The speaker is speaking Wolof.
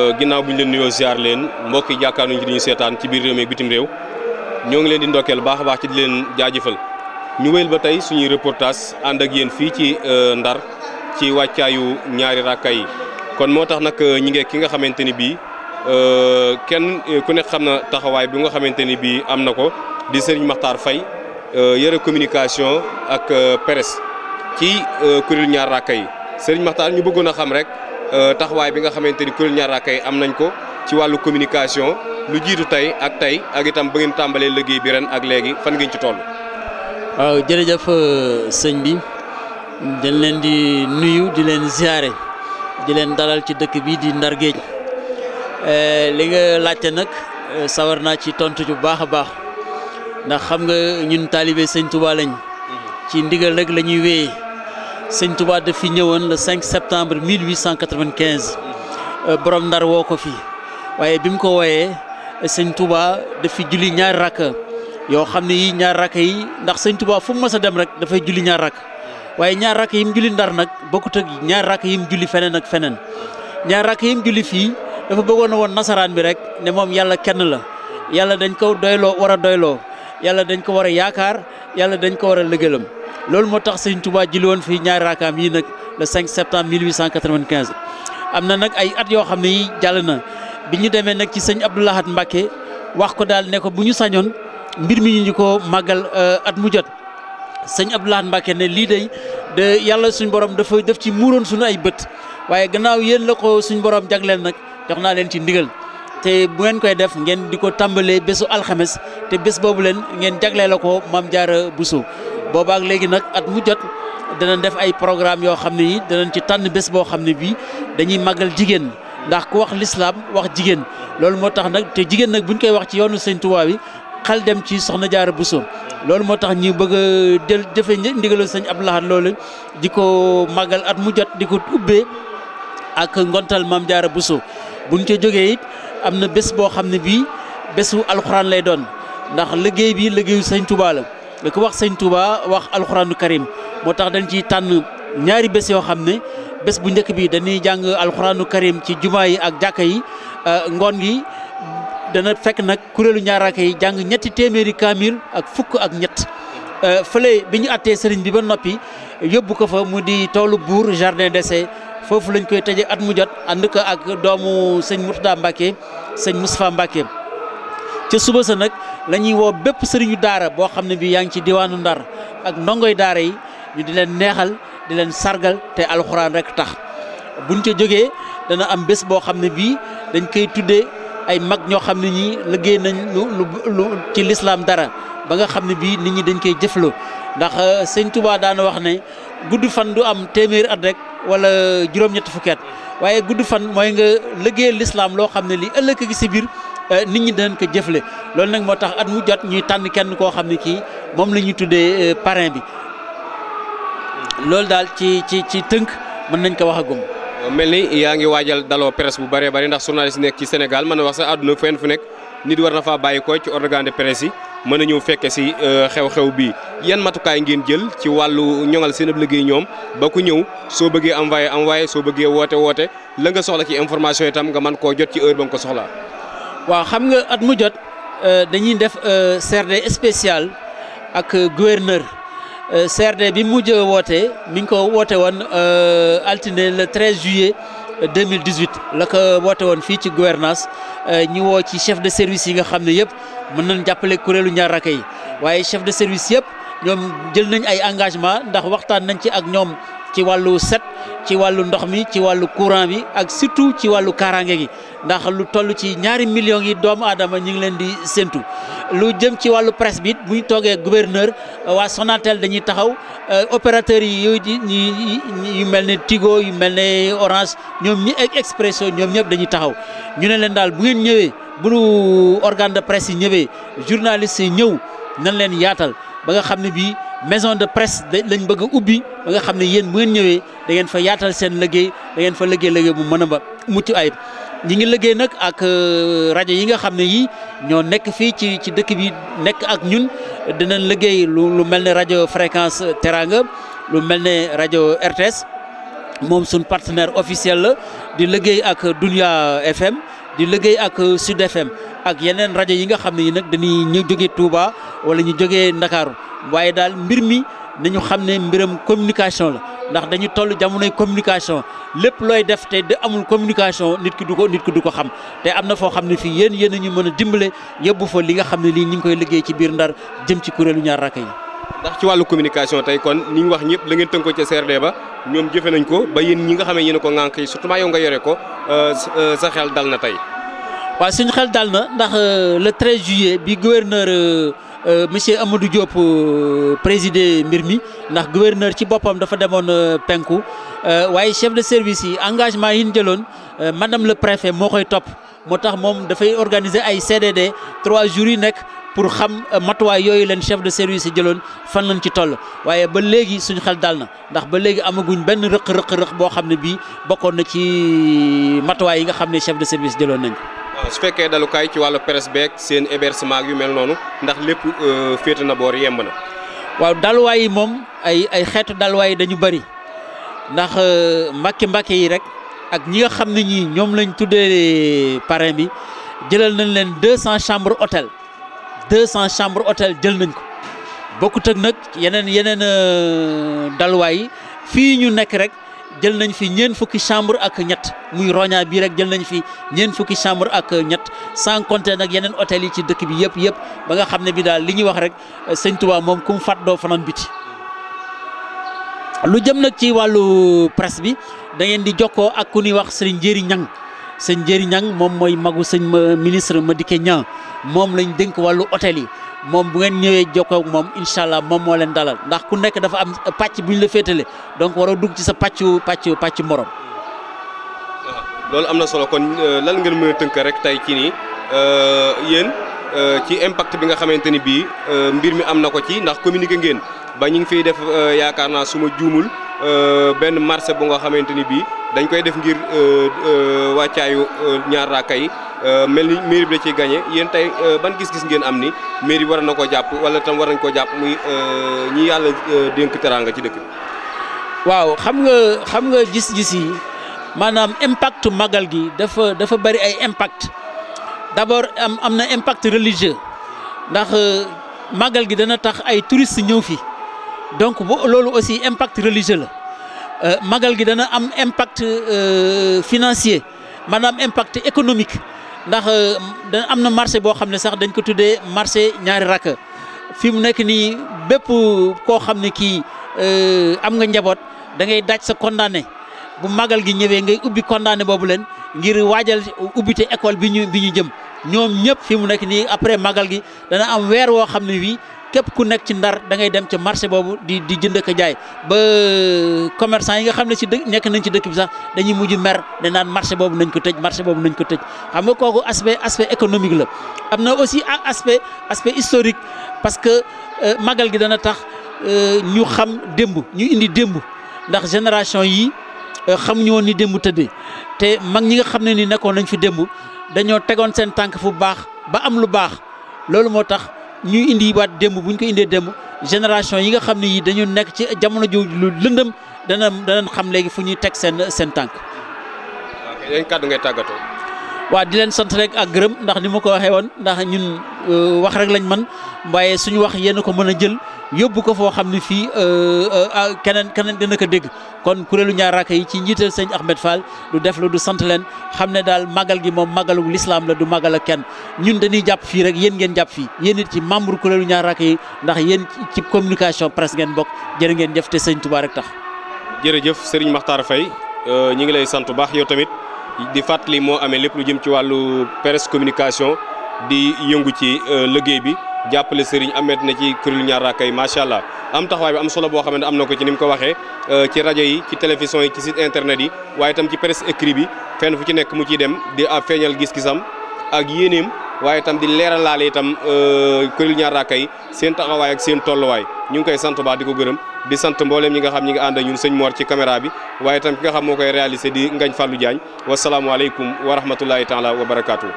Euh, ginnaaw bu ñu leen nuyoo ziar leen mbokki jàkkaaruñ ci diñu seetaan ci biir réew mi ak bitim réew ñoo ngi leen di ndokkeel baax a baax ci di leen jaajëfal ñu wéyal ba tey suñuy reportage ànd ak yéen fii ci euh, Ndar ci wàccaayu ñaari rakka yi kon moo tax nag euh, ñi ngi ki nga xamante ni bii kenn ku nekk xam na taxawaay bi nga xamante ni bii am na ko di Serigne Makhtar Faye yëre communication ak presse ci kuréel ñaar rakka yi Serigne ñu bëggoon a xam rek. Euh, taxawaay bi nga xamante ni kuréel Ñaar Rakaa yi am nañ ko ci wàllu communication lu jiitu tey ak tey ak itam ba ngeen tàmbalee liggéey bi ren ak léegi fan ngeen ci toll. waaw jërëjëf euh, sëñ bi dañ leen di nuyu di leen ziare di leen dalal ci dëkk bi di Ndar Géej euh, li nga laajte nag sawar naa ci tontu bu baax a baax ndax xam nga ñun taalibe sëñ Tuubaa mhm. ci ndigal rek la ñuy sëñ Touba daf fi ñëwoon le 5 septembre 1895 euh, borom ndar woo ko fi waaye bi mu ko woyee sëñ Touba daf fi julli ñaar rakk yoo xam ne yi ñaar rakk yi ndax sëñ Touba fu mu mës a dem rek dafay julli ñaar rakk waaye ñaar rakk yi mu julli ndar nag bokkut ak ñaar rakk yi mu julli feneen ak feneen ñaar rakk yi mu julli fii dafa bëggoon a woon nasaraan bi rek ne moom yàlla kenn la yàlla dañ ko doyloo war a doyloo yàlla dañ ko war yaakaar yàlla a loolu moo tax sëñ Touba julli woon fii ñaari raakaam yi nag le 5 septembre 1895 am na nag ay at yoo xam ne yi jàll na bi ñu demee nag ci sëñ Abdou Lahad Mbacké wax ko daal ne ko bu ñu sañoon mbir mi ñu ko màggal euh, at mu jot sëñ Abdou Lahad Mbacké ne lii day de yàlla suñ borom dafa def ci muuroon suñu ay bët waaye gannaaw yéen la ko suñ borom jagleel nag jox naa leen ci ndigal te bu ngeen koy def ngeen di ko tàmbalee bésu alxemes te bés boobu leen ngeen jaglee la ko Maam Jaara Buso boobaak léegi nag at mu jot danañ def ay programme yoo xam ne nii danañ ci tànn bés boo xam ne bii dañuy màggal jigéen ndax ku wax lislaam wax jigéen loolu moo tax nag te jigéen nag buñ koy wax ci yoonu sëñ Tuubaa bi xel dem ci soxna Jaara Buso loolu moo tax ñu bëgg a jël jëfe ndigalal sëñ ab Lahad loole di ko màggal at mu jot di ko ubbee ak ngontal maam Jaara Buso buñ ca jógee it am na bés boo xam ne bii bésu alxuraan lay doon ndax liggéey bi liggéeyu sëñ ku wax sëñ Touba wax alxuraanu karim moo tax dañ ciy tànn ñaari bés yoo xam ne bés bu njëkk bi dañuy jàng alxuraanu karim ci jumaa yi ak jàkk yi euh, ngoon gi dana fekk nag kuréelu ñaaraaka yi jàng ñetti téeméeri kaamil ak fukk ak ñett euh, fële bi ñu àttee sëriñ bi ba noppi yóbbu ko fa mu di toolu buur jardin d'essai foofu lañ koy tëjee at mu jot ànd ak doomu sëñ Mourtada Mbacke sëñ Moustapha Mbacke ca suba sa nag lañuy woo bépp sëriñu daara boo xam ne bii yaa ngi ci diwaanu ndar ak ndongoy daara yi ñu di leen neexal di leen sargal te alxuraan rek tax buñ ca jógee dana am bés boo xam ne bii dañ koy tuddee ay mag ñoo xam ne ñii liggéey nañ lu lu ci lislaam dara ba nga xam ne bii nit ñi dañ koy jëfloo ndax euh, sëñ tubaa daana wax ne gudd fan du am téeméeri at rek wala juróom-ñetti fukket waaye gudd fan mooy nga liggéey lislaam loo xam ne lii ëllëg gi si biir Eh, nit ñi danañ ko jëfle loolu nag moo tax at mu jot ñuy tànn kenn koo xam ne kii moom la ñuy tuddee eh, parrain bi loolu daal ci ci ci tënk mën nañ ko wax a gum mel ni yaa ngi waajal daloo peres bu bare bëri ndax journaliste nekk ci Sénégal mën na wax sax àdduna fenn fu nekk nit war na faa bàyyi ko ci organe de presse yi mën a ñëw fekke si eh, xew-xew bii yan matukaay ngeen jël ci wàllu ñoŋal seen ab liggéey ñoom ba ku ñëw soo bëggee envoyé envoyé soo bëggee woote woote la nga soxla ci information itam nga mën koo jot ci heure ba nga waaw xam nga at mu jot euh, dañuy def euh, CRD spécial ak euh, gouverneur CRD bi mu mujj woote mi ngi ko woote woon altine le 13 juillet 2018 la ko woote woon fii ci gouvernance ñu woo ci chef de service yi nga xam ne yëpp mën nañ jàppale kuréelu Ñaar Raaka yi waaye chef de service yëpp ñoom jël nañ ay engagement ndax waxtaan nañ ci ak ñoom ci wàllu set ci wàllu ndox mi ci wàllu courant bi ak surtout ci wàllu kaaraange gi ndax lu toll ci ñaari million yi doomu aadama ñu ngi leen di séntu lu jëm ci wàllu presse bi bu ñu toogee gouverneur waa Sonatel dañuy taxaw euh, opérateurs yi yu yu mel ne Tigo yu mel ne Orange ñoom ñi ak ñoom ñëpp dañuy taxaw ñu ne leen daal bu ngeen ñëwee bu nu organe de presse yi ñëwee journalistes yi ñëw nan leen yaatal ba nga xam ne bii. maison de presse lañ bëgg ubbi ba nga xam ne yéen bu ngeen ñëwee da ngeen fa yaatal seen liggéey da ngeen fa liggéey liggéey bu mën a mu mucc ayib ñi ngi liggéey nag ak euh, rajo yi nga xam ne yii ñoo nekk fii ci ci dëkk bi nekk ak ñun dinañ liggéey lu lu mel ne rajo fréquence Teranga lu mel ne rajo RTS moom suñ partenaire officiel la di liggéey ak Dunya FM di liggéey ak Sud FM ak yeneen rajo yi nga xam ne yi nag dañuy ñu jóge tuuba wala ñu jógee Ndakaaru waaye daal mbir mi nañu xam ne mbiram communication la ndax dañu toll jamonoy communication lépp looy def te de amul communication nit ki du ko nit ki du ko xam te am na foo xam ne fii yéen yéen ñu mën a dimbale yóbbu fa li nga xam ne lii ñu ngi koy liggéey ci biir ndar jëm ci kuréelu ñaar rakk yi. ndax ci wàllu communication tey kon ni ñu wax ñëpp la ngeen tënkoo ca CRD ba ñoom jëfe nañ ko ba yéen ñi nga xam ne ko ŋànk yi surtout nga yore ko euh, euh, sa xel dal na tey. waaye suñu xel dal na ndax euh, le 13 juillet bi gouverneur euh, euh, monsieur Amadou Diop présider mbir mi ndax gouverneur ci boppam dafa demoon penku waaye chef de service yi engagement yi ñu jëloon madame le préfet moo koy topp moo tax moom dafay organiser ay CDD trois jours yi nekk pour xam matuwaay yooyu leen chef de service yi jëloon fan lañ ci toll waaye ba léegi suñu xel dal na ndax ba léegi amaguñ benn rëq-rëq-rëq boo xam ne bii bokkoon na ci matuwaay yi nga xam ne chef de service jëloon nañ su fekkee dalukaay ci wàllu presse beeg seen hébergement ak yu mel noonu ndax lépp euh, féete na boor yemb na. waaw daluwaay yi moom ay ay xeetu daluwaay dañu bëri ndax euh, mbàkki mbàkki yi rek ak ñi nga xam ne ñii ñoom lañ tuddee parrain bi jëlal nañ leen 200 chambres deux 200 chambres hôtel jël nañ ko bokkut ak nag yeneen yeneen euh, fii ñu nekk rek. jël nañ fi ñeen fukki chambre ak ñett muy roña bii rek jël nañ fi ñeen fukki chambre ak ñett sans compter nag yeneen hôtel yi ci dëkk bi yëpp yëpp ba nga xam ne bi daal li ñuy wax rek sëñ Touba moom kum fat doo fanaan biti lu jëm nag ci wàllu presse bi da ngeen di jokkoo ak ku ñuy wax sëriñ Njeri Ñang sëñ Njeri moom mooy magu sëñ ministre ma Madické Niang moom lañ dénk wàllu hôtel yi moom bu ngeen ñëwee jokkoo ak moom incha allah moom moo leen dalal ndax ku nekk dafa am pàcc bu ñu la féetale donc waroo dugg ci sa pàccu pàccu pàccu morom. Ah, loolu am na solo kon euh, lan ngeen mën a tënk rek tey ci nii euh, yéen euh, ci impact bi nga xamante ni bii mbir mi am na ko ci ndax communiqué ngeen ba ñu ngi def yaakaar naa su ma juumul. Euh, benn marché bu nga xamante ni bii dañ koy def ngir euh, euh, wàccaayu ñaar raaka yi mel ni mairie bi la ciy gagné yéen tey ban gis-gis ngeen am ni mairie war na ko jàpp wala tam war koo jàpp muy ñi yàlla dénk teraanga ci dëkk waaw xam nga xam nga gis-gis yi maanaam impact magal gi dafa dafa bari ay impact d'abord am am na impact religieux ndax magal gi dana tax ay touristes ñëw fi donc bo loolu aussi impact religieux la euh, magal gi dana am impact euh, financier maanaam impact économique ndax euh, dana am na marché boo xam ne sax dañ ko tuddee marché ñaari rakk fi mu nekk nii bépp koo xam ne kii am nga njaboot da ngay daaj sa condamné bu magal gi ñëwee ngay ubbi condamné boobu leen ngir waajal ubbite école bi ñu bi ñu jëm ñoom ñëpp fi mu nekk nii après magal gi dana am weer woo xam ne wii képp ku nekk ci ndar dangay dem ca marché boobu di di jënd ak jaay ba commerçant yi nga xam ne si dëkk nekk nañ ci dëkk bi sax dañuy mujj mer dañ naan marché boobu nañ ko tëj marché boobu nañ ko tëj xam nga kooku aspect aspect économique la. am na aussi aspect aspect historique parce que euh, magal gi dana tax euh, ñu xam démb ñu indi démb ndax génération yi euh, xamuñu woon ni démb tëddee te mag ñi nga xam ne ni nekkoon nañ fi démb dañoo tegoon seen tànk fu baax ba am lu baax loolu moo tax. ñuy indi waat démb bu ñu ko indee démb génération yi nga xam ne yi dañu nekk ci jamono jooju lu lëndëm dana danañ xam léegi fu ñuy teg seen seen tànk. waaw kay yan kàddu ngay tàggatoo. waa di leen sant rek ak gërëm ndax ni ma ko waxee woon ndax ñun. Euh, wax rek lañ man waaye suñu wax yéen ko mën a jël yóbbu ko foo xam ne fii euh, euh, ah, keneen keneen dina ko dégg kon kuréelu ñaar raaka yi ci njiital sëñ Ahmed Fall du def la du sant leen xam ne daal màggal gi moom màggalu lislaam la du màggal ak kenn ñun dañuy jàpp fii rek yéen ngeen jàpp fii yéen it ci membre kuréelu ñaar raaka yi ndax yéen ci communication presse ngeen bokk jërë ngeen jëf te sëñ Touba rek tax. jërëjëf Serigne Makhtar Faye ñu ngi lay sant bu baax yow tamit di fàttali moo amee lépp lu jëm ci wàllu presse communication. di yëngu ci euh, liggéey bi jàppale Serigne Ahmed na ci kuréelu ñaar raaka yi macha allah am taxawaay bi am solo boo xam ne am na ko ci ni mu ko waxee euh, ci rajo yi ci télévision yi ci site internet yi waaye tam ci presse écrit bi fenn fu ci nekk mu ciy dem di a euh, feeñal gis-gisam ak yéeneem waaye itam di leeralaale itam kuréelu ñaar raaka seen taxawaay ak seen tolluwaay ñu ngi koy sant baax di ko gërëm di sant mbooleem ñi nga xam ñi nga ànd ak ñun sëñ ci caméra bi waaye itam ki nga xam moo koy réalisé di ngañ Fallou Diagne wasalaamualeykum wa rahmatullahi taala wa barakaatu.